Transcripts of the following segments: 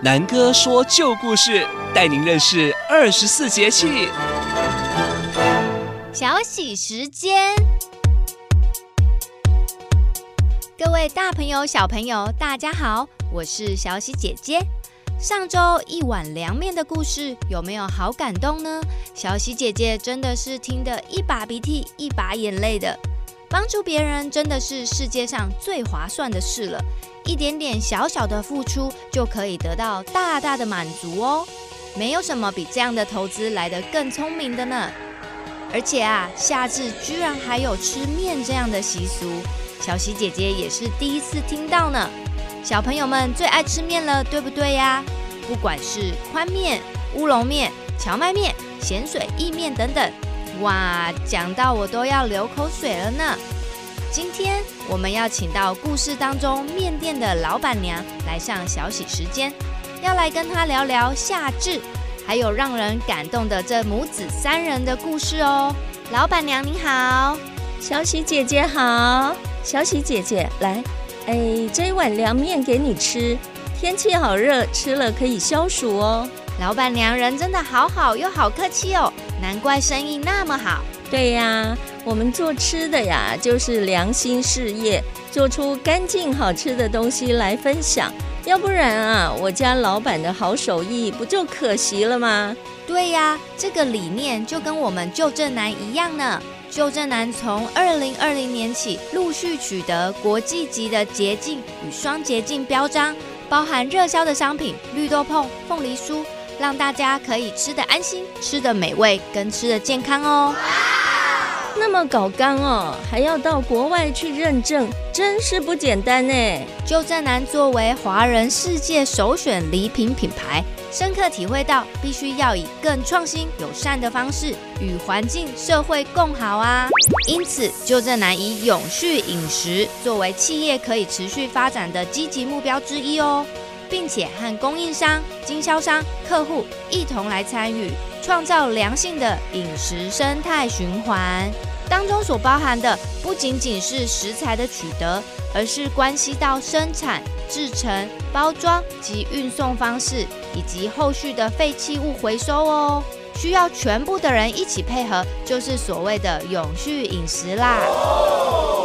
南哥說舊故事，帶您認識二十四節氣。小喜時間，各位大朋友、小朋友，大家好，我是小喜姐姐。上周一碗涼麵的故事有沒有好感動呢？小喜姐姐真的是聽得一把鼻涕一把眼淚的。幫助別人真的是世界上最划算的事了。一點點小小的付出就可以得到大大的滿足哦，沒有什麼比這樣的投資來得更聰明的呢。而且啊，夏至居然還有吃麵這樣的習俗，小喜姐姐也是第一次聽到呢。小朋友們最愛吃麵了，對不對呀？不管是寬麵、烏龍麵、蕎麥麵、鹹水意麵等等，哇，講到我都要流口水了呢。今天我們要請到故事當中麵店的老闆娘來上小喜時間，要來跟她聊聊夏至，還有讓人感動的這母子三人的故事哦。老闆娘你好，小喜姐姐好，小喜姐姐來，哎，這一碗涼麵給你吃，天氣好熱，吃了可以消暑哦。老闆娘人真的好好，又好客氣哦，難怪生意那麼好。對呀、啊，我們做吃的呀，就是良心事業，做出乾淨好吃的東西來分享。要不然啊，我家老板的好手藝不就可惜了嗎？對呀、啊，這個理念就跟我們舊振南一樣呢。舊振南從二零二零年起，陸續取得國際級的潔淨與雙潔淨標章，包含熱銷的商品綠豆椪鳳梨酥，讓大家可以吃得安心、吃得美味跟吃得健康哦。那麼搞剛哦，還要到國外去認證，真是不簡單呢。舊振南作為華人世界首選禮品品牌，深刻體會到必須要以更創新、友善的方式與環境、社會共好啊。因此，舊振南以永續飲食作為企業可以持續發展的積極目標之一哦，並且和供應商、經銷商、客戶一同來參與，創造良性的飲食生態循環。當中所包含的不僅僅是食材的取得，而是關係到生產、製程、包裝及運送方式，以及後續的廢棄物回收哦。需要全部的人一起配合，就是所謂的永續飲食啦。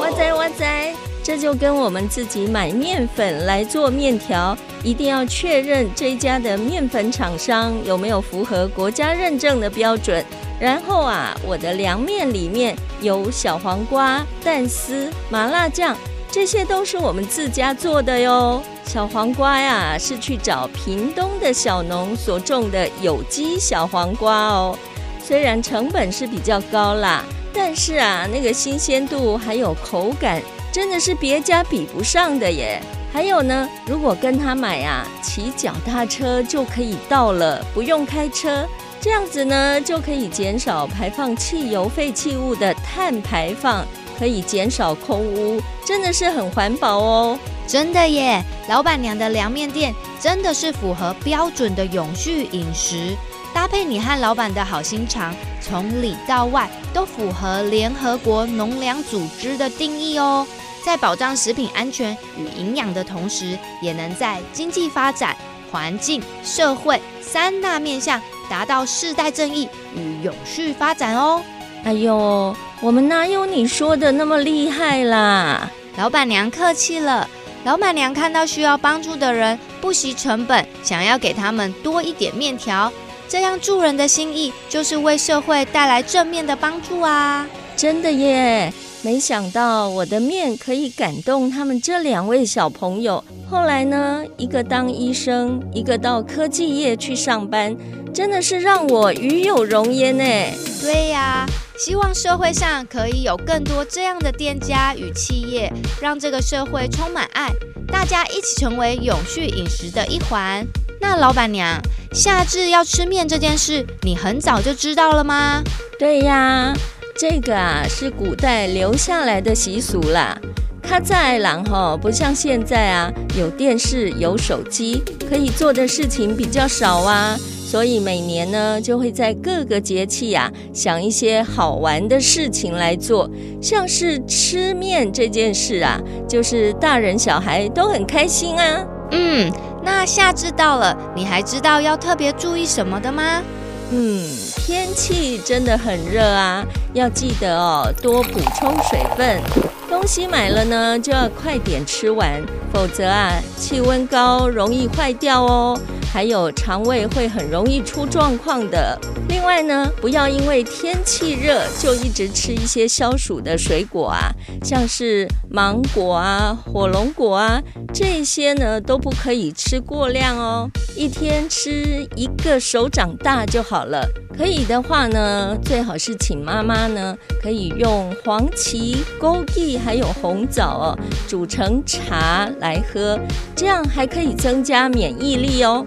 哇塞哇塞，這就跟我們自己買麵粉來做麵條，一定要確認這家的麵粉廠商有沒有符合國家認證的標準。然後啊，我的涼麵裡面有小黃瓜、蛋絲、麻辣醬，這些都是我們自家做的喲。小黃瓜呀，是去找屏東的小農所種的有機小黃瓜哦。雖然成本是比較高啦，但是啊，那個新鮮度還有口感，真的是別家比不上的耶。還有呢，如果跟他買啊，騎腳踏車就可以到了，不用開車。這樣子呢，就可以減少排放汽油廢棄物的碳排放，可以減少空污，真的是很環保哦！真的耶！老闆娘的涼麵店真的是符合標準的永續飲食，搭配你和老闆的好心腸，從裡到外都符合聯合國農糧組織的定義哦，在保障食品安全與營養的同時，也能在經濟發展、環境、社會三大面向。達到世代正義與永續發展哦！哎呦，我們哪有你說的那麼厲害啦？老闆娘客氣了。老闆娘看到需要幫助的人，不惜成本，想要給他們多一點麵條。這樣助人的心意，就是為社會帶來正面的幫助啊！真的耶！沒想到我的麵可以感動他們這兩位小朋友。後來呢，一個當醫生，一個到科技業去上班，真的是讓我與有榮焉誒，對呀、啊，希望社會上可以有更多這樣的店家與企業，讓這個社會充滿愛，大家一起成為永續飲食的一環。那老闆娘，夏至要吃麵這件事，你很早就知道了嗎？對呀、啊。這個啊，是古代留下來的習俗啦，它，在然後不像現在啊，有電視有手機可以做的事情比較少啊，所以每年呢，就會在各個節氣呀，想一些好玩的事情來做，像是吃麵這件事啊，就是大人小孩都很開心啊。嗯，那夏至到了，你還知道要特別注意什麼的嗎？嗯。天氣真的很熱啊，要記得哦，多補充水分。東西買了呢，就要快點吃完，否則啊，氣溫高容易壞掉哦，還有腸胃會很容易出狀況的。另外呢，不要因為天氣熱就一直吃一些消暑的水果啊，像是芒果啊、火龍果啊。這些呢都不可以吃過量哦，一天吃一個手掌大就好了。可以的話呢，最好是請媽媽呢可以用黃芪、枸杞還有紅棗哦，煮成茶來喝，這樣還可以增加免疫力哦。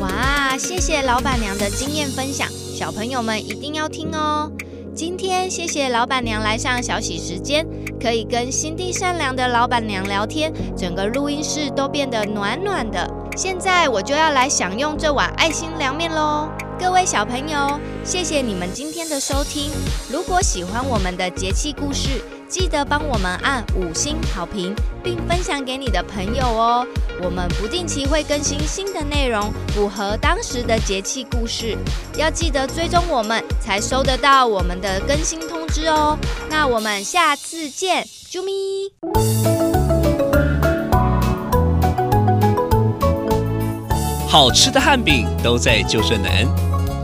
哇，謝謝老闆娘的經驗分享，小朋友們一定要聽哦。今天謝謝老闆娘來上小喜時間，可以跟心地善良的老闆娘聊天，整個錄音室都變得暖暖的。現在我就要來享用這碗愛心涼麵嘍。各位小朋友，謝謝你們今天的收聽。如果喜歡我們的節氣故事，記得幫我們按五星好評，並分享給你的朋友哦。我們不定期會更新新的內容，符合當時的節氣故事，要記得追蹤我們，才收得到我們的更新通知哦。那我們下次見，啾咪！好吃的漢餅都在舊順南。